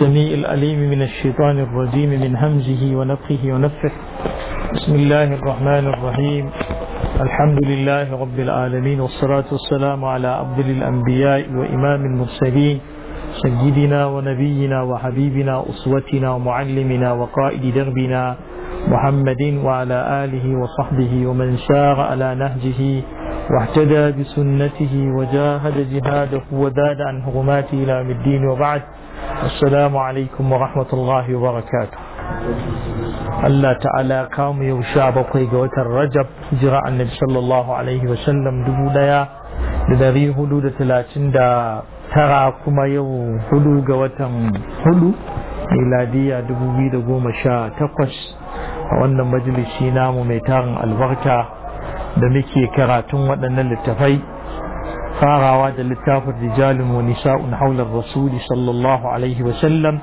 السميع الأليم من الشيطان الرجيم من همزه ونفخه ونفخه بسم الله الرحمن الرحيم الحمد لله رب العالمين والصلاة والسلام على عبد الأنبياء وإمام المرسلين سيدنا ونبينا وحبيبنا أسوتنا ومعلمنا وقائد دربنا محمد وعلى آله وصحبه ومن سار على نهجه واهتدى بسنته وجاهد جهاده وداد عن حرماته إلى الدين وبعد السلام عليكم ورحمة الله وبركاته Allah ta'ala kamu yau sha bakwai ga watan Rajab jira annabi sallallahu alaihi wa sallam dubu daya da dari hudu da talatin da tara kuma yau hudu ga watan hudu miladiya dubu biyu da goma sha takwas a wannan majalisi namu mai tarin albarka da muke karatun waɗannan littafai farawa da littafin rijalin wa nisa'un haular rasuli sallallahu alaihi wa sallam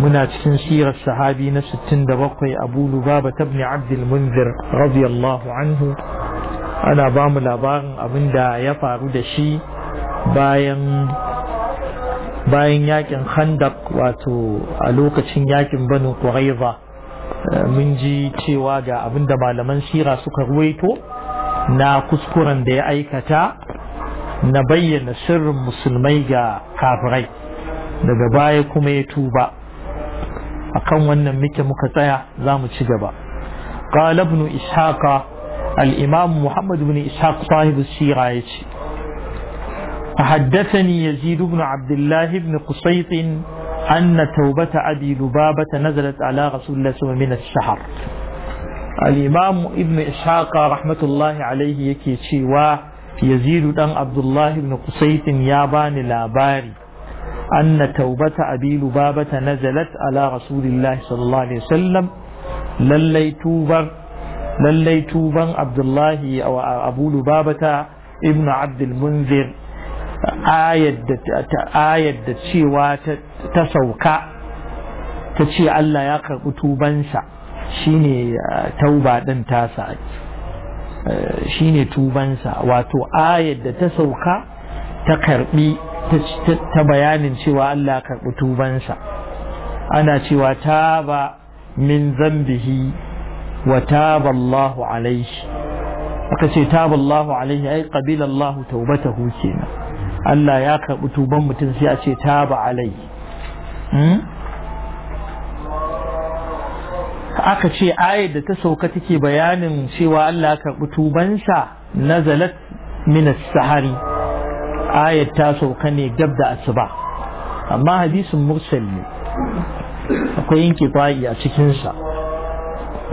muna cikin sirar sahabi na 67 abu lubaba tabni abdul munzir radiyallahu anhu ana ba mu labarin abin da ya faru da shi bayan bayan yakin khandak wato a lokacin yakin banu ƙwaraiza mun ji cewa ga abin da malaman sira suka ruwaito na kuskuren da ya aikata na bayyana sirrin musulmai ga kafirai daga baya kuma ya tuba a kan wannan muke muka tsaya za mu ci gaba ƙalabnu ishaka al’imam muhammadu bin ishaku sahibu sira ya ce حدثني يزيد بن عبد hanna taubata قصيط babata توبة أبي لبابة نزلت على رسول الله صلى الله عليه وسلم من الشهر الإمام ابن yazidu dan abdullahi ibn qusaytin ya bani labari anna taubata abi lubabata nazalat ala rasulillahi sallallahu alaihi wasallam lallai tubar lallai tuban abdullahi wa abu lubabata ibn abdul munzir ayat da cewa ta sauka ta ce Allah ya karɓi tubansa shine uh, tauba ɗin tasa Eh, shine tubansa wato ayar da ta sauka ta karbi ta bayanin cewa Allah karbi tubansa ana cewa taba min zambihi wa taba allahu alaihi aka ce taba allahu alaihi ai qabila allahu taubatahu kenan Allah ya karbi tuban mutum sai a ce taba alaihi hmm? aka ce ayar da ta sauka take bayanin cewa Allah karɓi tubansa nazalat min sahari ayar ta sauka ne gab da asuba amma hadisin mursal ne akwai yanke fa'i a cikinsa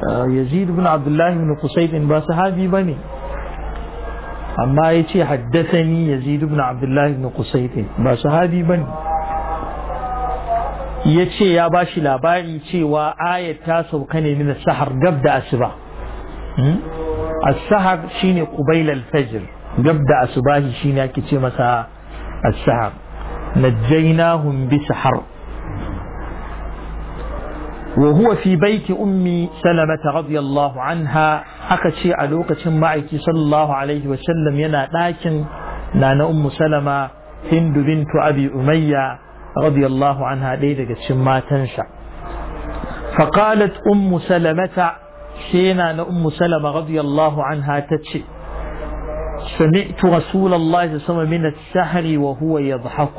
ah, yazid bin Abdullahi ibn qusayd ba sahabi bane amma yace haddathani yazid bin Abdullahi ibn qusayd ba sahabi bane yace ya ba shi labari cewa ayat ta sauka ne min sahar gab da asuba as-sahar shine qubayl al-fajr gab da asubahi shine ake ce masa as-sahar najjaynahum bi sahar wa huwa fi baiti ummi salama radiyallahu anha aka ce a lokacin ma'aiki sallallahu alaihi wa sallam yana dakin nana ummu salama hindu bintu abi umayya radiyallahu anha ɗaya daga cikin matansa faqalat ummu salamata shena na ummu salama radiyallahu anha tace سمعت رسول الله صلى الله عليه وسلم من السحر وهو يضحك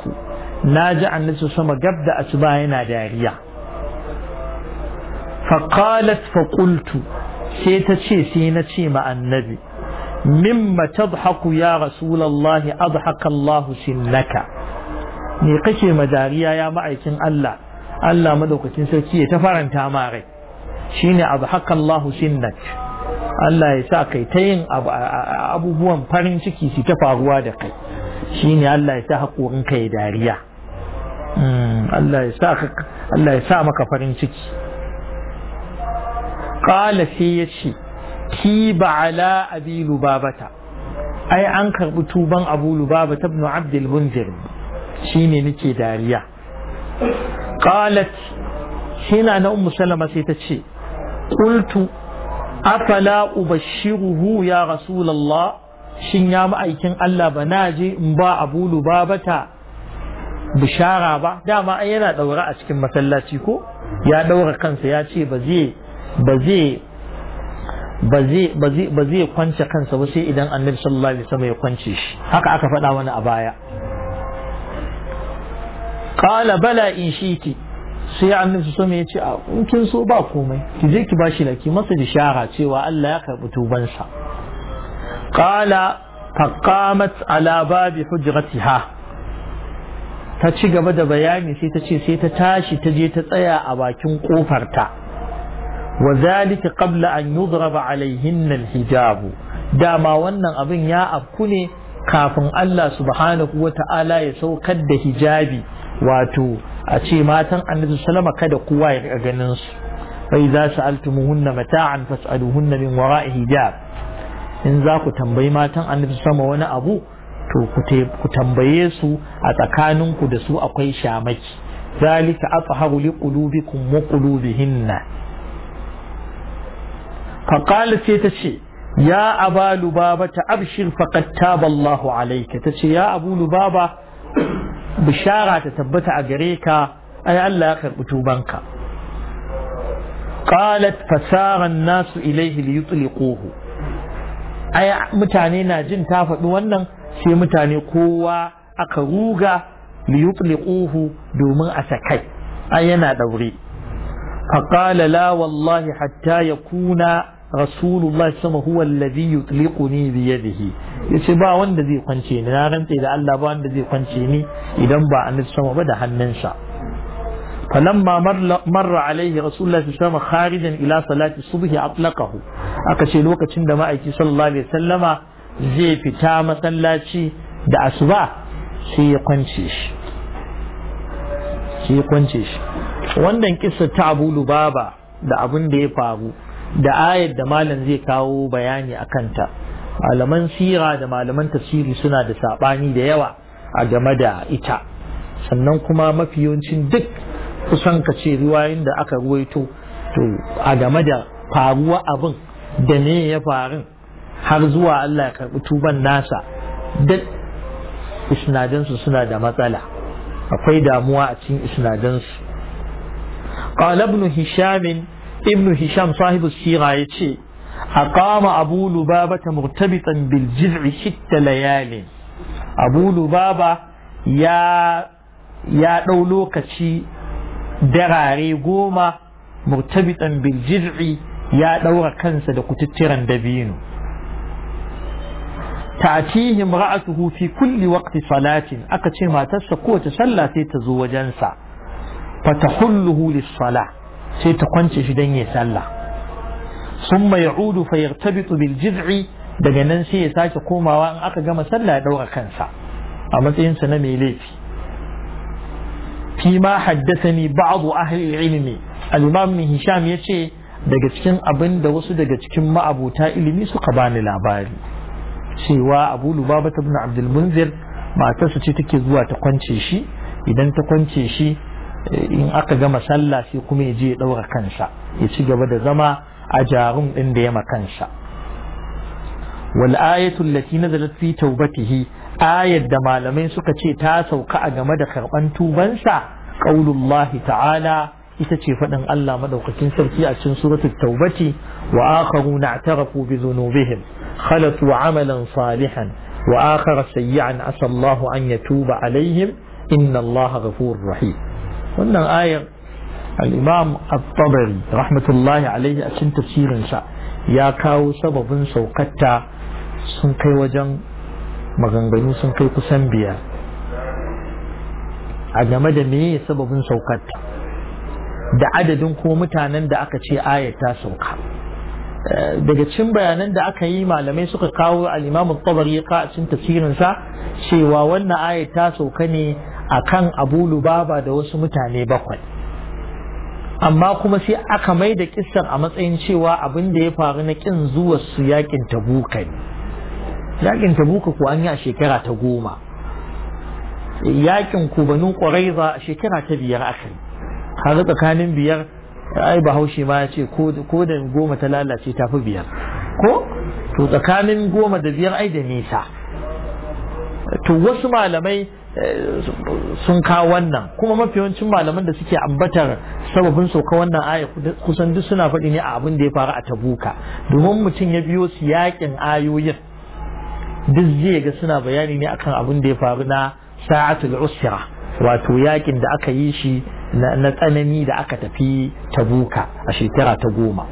ناجع النبي صلى الله عليه وسلم قبل أتباعنا داريا فقالت فقلت سيتشي سينتشي مع النبي مما تضحك يا رسول الله أضحك الله سنك me kake majariya ya ma'aikin Allah Allah madaukakin sarki ya ta faranta ma rai shine abu haka Allah sinnak Allah ya sa kai ta yin abubuwan farin ciki su ta faruwa da kai shine Allah ya sa hakurin kai dariya hmm, Allah ya sa Allah ya sa maka farin ciki qala shi yace ki ba ala abi lubabata ai an karbi tuban abu lubaba ibn abd al-munzir Shi ne nake dariya qalat hina na ummu salama sai ta ce kultu afala ubashshiruhu ya rasulullah shin ya ma'aikin Allah ba na je in ba abu lubabata bishara ba dama ai yana daura a cikin masallaci ko ya daura kansa ya ce ba zai ba zai ba zai kwance kansa ba sai idan annabi sallallahu alaihi wasallam ya kwance shi haka aka faɗa wani a baya qala bala in shiti sai annabi su ya ce a kin so ba komai ki je ki bashi ki masa bishara cewa Allah ya karbi tubansa qala faqamat ala babi hujratiha ta ci gaba da bayani sai ta ce sai ta tashi ta je ta tsaya a bakin kofarta wa zalika qabla an yudraba alaihinna alhijabu dama wannan abin ya afku ne kafin Allah subhanahu wa ta'ala ya saukar da hijabi wato a ce matan annabi salama kada kowa ya ganin su bai za su altumuhunna mata'an fas'aluhunna min wara'i hijab in za ku tambayi matan annabi sama wani abu to ku tambaye su a tsakaninku da su akwai shamaki zalika atharu liqulubikum wa qulubihinna فقالت تشي يا أبا لبابة أبشر فقد تاب الله ta ce ya أبو لبابة bishara ta tabbata a gare ka ai Allah ya karɓi tubanka qalat fasara nasu ilaihi liyutliquhu ai mutane na jin ta faɗi wannan sai mutane kowa aka ruga liyutliquhu domin a sakai ai yana daure faqala la wallahi hatta yakuna rasulullahi sallallahu sama wasallam huwa alladhi yutliquni bi yadihi yace ba wanda zai kwance ni na rantse da Allah ba wanda zai kwance ni idan ba a sama ba da hannunsa falamma marra alaihi rasulullahi sallallahu alaihi kharijan ila salati subhi atlaqahu aka ce lokacin da ma'aiki sallallahu alaihi zai fita masallaci da asuba sai ya kwance shi sai ya kwance shi wannan kissa ta Abu Lubaba da abin da ya faru da ayar da malam zai kawo bayani a kanta malaman sira da malaman tafsiri suna da saɓani da yawa a game da ita sannan kuma mafi yawancin duk kusan ka ce riwayoyin da aka ruwaito to a game da faruwa abin da ne ya faru har zuwa Allah ya karɓi tuban nasa duk isnadansu suna da matsala akwai damuwa a cikin isnadansu قال ابن هشام ابن هشام صاحب السيرة أقام أبو لبابة مرتبطا بالجذع ست ليال أبو لبابة يا يا دولوكتي دراري قومة مرتبطا بالجذع يا دور كنسة لكتترا دبينو تأتيه امرأته في كل وقت صلاة أكتي ما تسقوة تسلى تزوجنسا فتحله للصلاة سيتقنش شدن يسلى summa ya'udu fa yartabitu bil daga nan sai ya sake komawa in aka gama sallah ya daura kansa a matsayin sa na mai laifi fi ma haddathani ba'd ahli ilmi al-imam min hisham yace daga cikin abin da wasu daga cikin ma'abuta ilimi suka bani labari cewa abu lubaba ibn abdul munzir matarsa ce take zuwa ta kwance shi idan ta kwance shi in aka gama sallah sai kuma ya je ya daura kansa ya ci gaba da zama a jarum ɗin da ya makansa wal ayatu allati nazalat fi tawbatihi ayat da malamai suka ce ta sauka a game da karban tubansa qaulullahi ta'ala ita ce faɗin Allah madaukakin sarki a cikin suratul tawbati wa akharuna i'tarafu bi dhunubihim khalatu amalan salihan wa akhara sayyi'an asallahu an yatuba alaihim inna Allah ghafurur rahim wannan ayar الإمام الطبري رحمة الله عليه أشن تفسير إنسا يا كاو سبب سوقتا سنكي وجن مغنغنو سنكي قسنبيا أجمد مي سبب سوقتا da adadin ko mutanen da aka ce aya ta sauka daga cikin bayanan da aka yi malamai suka kawo al-Imam tabari ka a cikin tafsirin sa cewa wannan aya ta sauka ne akan Abu Lubaba da wasu mutane bakwai amma kuma sai aka mai da kissar a matsayin cewa abin da ya faru na kin zuwa su yakin tabuka ne yakin tabuka ko an yi a shekara ta goma yakin ku banu za a shekara ta biyar aka yi har tsakanin biyar ai bahaushe ma ya ce ko da goma ta lalace ta fi biyar ko to tsakanin goma da biyar ai da nisa to wasu malamai Eh, sun kawo wannan kuma mafi yawancin malaman da suke ambatar sababin sauka wannan aya kusan duk suna faɗi ne a abin da ya faru a tabuka domin mutum ya biyo su yakin ayoyin duk zai ga suna bayani ne akan abin da ya faru na sa'atul usra wato yakin da aka yi shi na tsanani da aka tafi tabuka a shekara ta goma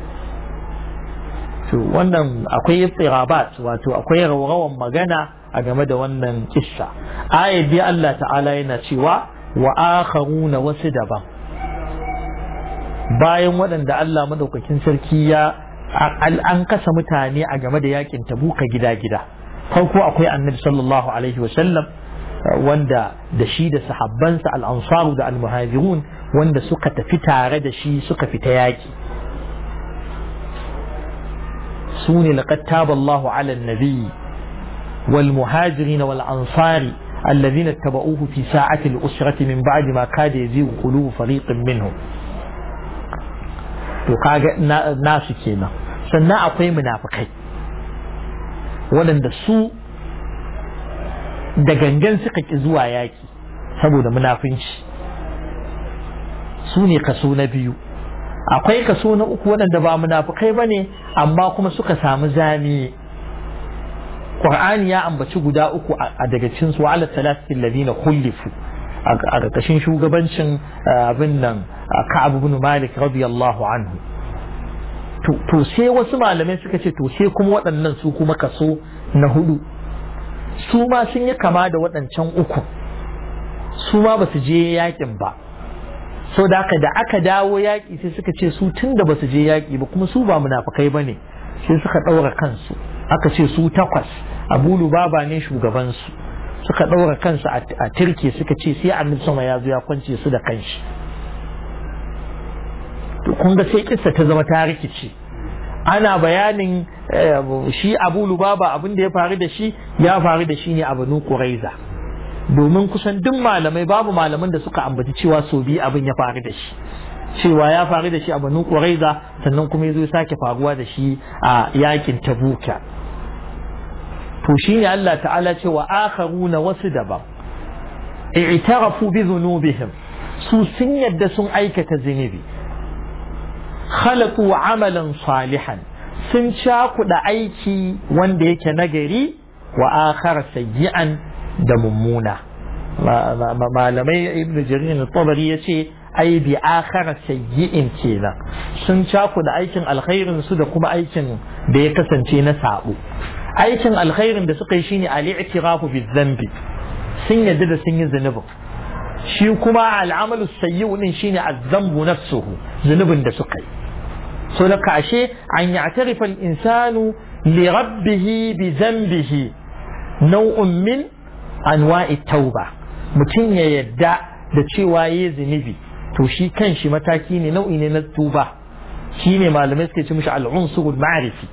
to wannan akwai istirabat wato akwai rawan magana a game da wannan kissa ayat dai Allah ta'ala yana cewa wa akharuna wasu daban bayan waɗanda Allah madaukakin sarki ya an kasa mutane a game da yakin tabuka gida-gida farko akwai annabi sallallahu alaihi wasallam wanda da shi da sahabbansa al'ansaru da al-muhajirun wanda suka tafi tare da shi suka fita yaki su ne laqad 'ala nabi والمهاجرين والأنصار الذين اتبعوه في ساعة الأسرة من بعد ما كاد يزيغ قلوب فريق منهم وكاد ناس كينا سنة أقوي منافقين ولن دسو دقنجن سقك إزوا ياكي سبونا منافنش سوني قسونا بيو أقوي قسونا أقوى لن دبا منافقين بني أما كما سقسام زامي Qur'ani ya ambaci guda uku a daga cikin su ala salatin ladina kullifu a ƙarƙashin shugabancin eh, abin nan Ka'ab ibn Malik radiyallahu anhu to sai wasu malamai suka ce to sai kuma waɗannan su kuma kaso na hudu su ma sun yi kama da waɗancan uku su ma basu je yakin ba so da aka da aka dawo yaƙi sai suka ce su tun da basu je yaƙi ba kuma su ba munafukai ba ne sai suka ɗaura kansu aka ce su takwas abu lubaba ne shugabansu suka ɗaura kansu a turke suka ce sai annabi sama ya zo ya kwance su da kanshi kun sai kissa ta zama ta rikice ana bayanin eh, shi abu lubaba abin da ya faru da shi ya faru da shi ne a banu quraiza domin kusan duk malamai babu malaman da suka ambaci cewa so biyu abin ya faru da shi cewa ya faru da shi a banu quraiza sannan kuma ya zo sake faruwa da shi a yakin tabuka to ne Allah ta'ala ce wa na wasu daban i'tarafu bi dhunubihim su sun yadda sun aikata zunubi khalaqu amalan salihan sun cakuɗa aiki wanda yake nagari wa akhar sayyi'an da mummuna malamai ibnu jarir tabari yace ai bi akhar sayyi'in kenan sun cakuɗa aikin alkhairin su da kuma aikin da ya kasance na sabo aikin alkhairin da suka yi shine ali itirafu bi-dhanbi sun yadda da sun yi zunubin shi kuma al'amalu sayyi'u din shine az-dhanbu nafsuhu zanubin da suka yi so laka kashe an ya'tarifa al-insanu li rabbih bi dhanbihi naw'un min anwa'i tauba mutum ya yadda da cewa yayi zunubi to shi kanshi mataki ne nau'i ne na tuba shine malamai suke ce mishi al-unsur ma'rifi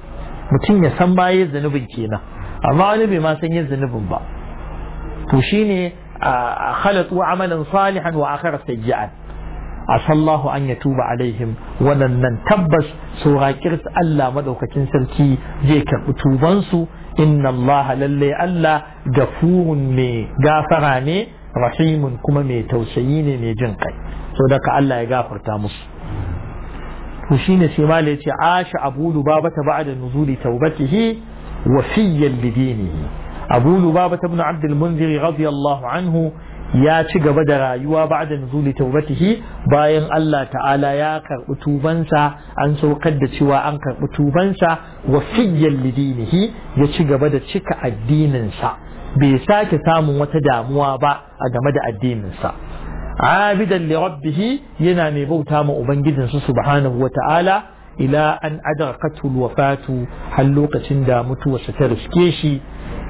mutum ya san baya zunubin kenan amma wani bai ma san yin zunubin ba to shine a khalatu amalan salihan wa akhara sayyi'an asallahu an yatuba alaihim wannan tabbas surakir Allah madaukakin sarki zai karɓi tubansu inna Allah lalle Allah gafurun ne gafara ne rahimun kuma mai tausayi ne mai jin kai so daga Allah ya gafarta musu to shine sai mala yace asha abu lubaba ta ba'da nuzuli taubatihi wafiyyan bidinihi abu lubaba ibn abd al-munzir radiyallahu anhu ya ci gaba da rayuwa ba'da nuzuli taubatihi bayan Allah ta'ala ya karbi tubansa an saukar da cewa an karbi tubansa wafiyyan lidinihi ya ci gaba da cika addinin sa bai sake samun wata damuwa ba a game da addininsa abidan li rabbih yana mai bauta ma ubangijin su subhanahu wata'ala ila an adara adrakatu alwafatu har lokacin da mutuwarsa ta riske shi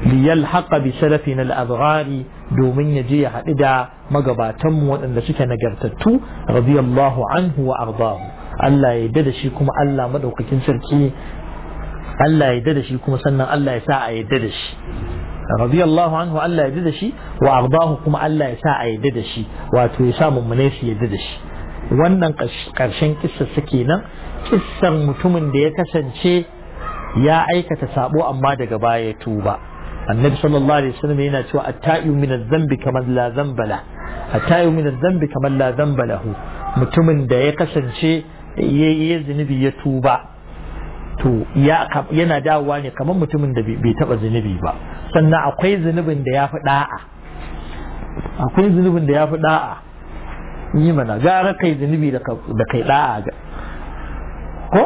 li yalhaqa bi salafina al-abghari domin ya je ya haɗu da magabatan mu waɗanda suke nagartattu radiyallahu anhu wa ardahu Allah ya da shi kuma Allah madaukakin sarki Allah ya da shi kuma sannan Allah ya sa a yadda da shi radiyallahu anhu Allah ya yarda da shi wa ardahu kuma Allah ya sa a yadda da shi wato ya sa mummune su ya da shi wannan karshen kissa suke nan kissar mutumin da ya kasance ya aikata sabo amma daga baya ya tuba annabi sallallahu alaihi wasallam yana cewa at-ta'ibu min adh-dhanbi kaman la dhanba min adh-dhanbi la mutumin da ya kasance yayi zunubi ya tuba to ya yana dawowa ne kamar mutumin da bai taba zinubi ba sannan akwai zinubin da ya fi da'a akwai zinubin da ya fi da'a yi mana gara kai zinubi da kai da'a ga ko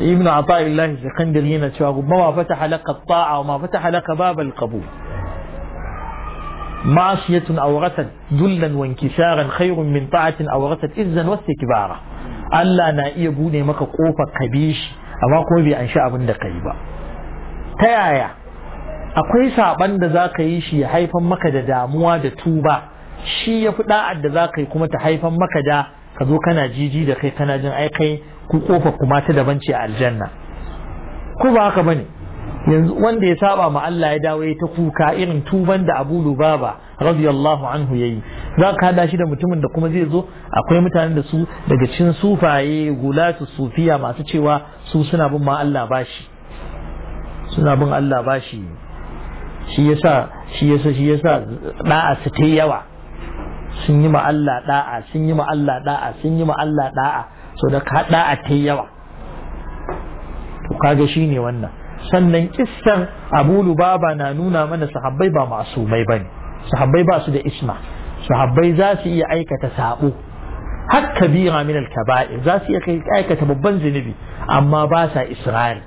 ibn ata'illahi zakandir yana cewa ma wa fata halaka ta'a wa ma fata halaka babal qabu معصية أورثت ذلا وانكسارا خير من طاعة izzan wa istikbara Allah na iya bude maka kofar kabishi amma kuma bai an shi abin da ka yi ba ta yaya akwai saban da za ka yi shi ya haifan maka da damuwa da tuba shi ya fi da'ar da za ka yi kuma ta haifan maka da ka zo kana jiji da kai kana jin aikai ku kofa kuma ta daban ce a aljanna ko ba haka bane yanzu wanda ya saba ma Allah ya dawo ya ta kuka irin tuban da Abu Lubaba radiyallahu anhu yayi za ka hada shi da mutumin da kuma zai zo akwai mutanen da su daga cin sufaye gulatu sufiya masu cewa su suna bin ma Allah bashi suna bin Allah bashi shi yasa shi yasa shi yasa da'a su ta yawa sun yi ma Allah da'a sun yi ma Allah da'a sun yi ma Allah da'a so da ka da'a ta yawa to kaga shine wannan sannan kissan Abu Lubaba na nuna mana sahabbai ba masu mai bane sahabbai ba su da isma sahabbai za su iya aikata sabo har kabira min al za su iya aikata babban zunubi amma ba sa isra'il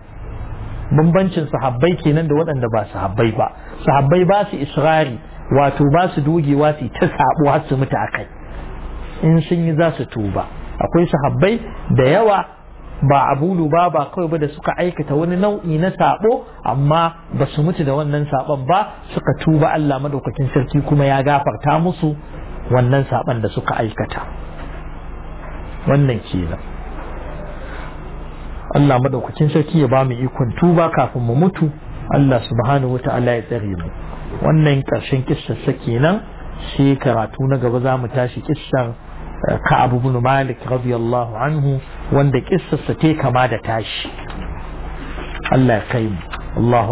bambancin sahabbai kenan da waɗanda ba sahabbai ba sahabbai ba su isra'il wato ba su dogewa su ta sabo har su mutu akai in sun yi za su tuba akwai sahabbai da yawa ba Abulu ba ba kawai ba da suka aikata wani nau'i na sabo amma ba su mutu da wannan sabon ba suka tuba Allah madaukakin sarki kuma ya gafarta musu wannan sabon da suka aikata wannan kenan Allah madaukakin sarki ya ba mu ikon tuba kafin mu mutu Allah subhanahu wata'ala ya tsare mu wannan ƙarshen kissar kenan sai karatu na gaba za mu tashi kissar ka'ab ibn malik radiyallahu anhu wanda kissarsa ta kama da tashi Allah ya kai mu Allahu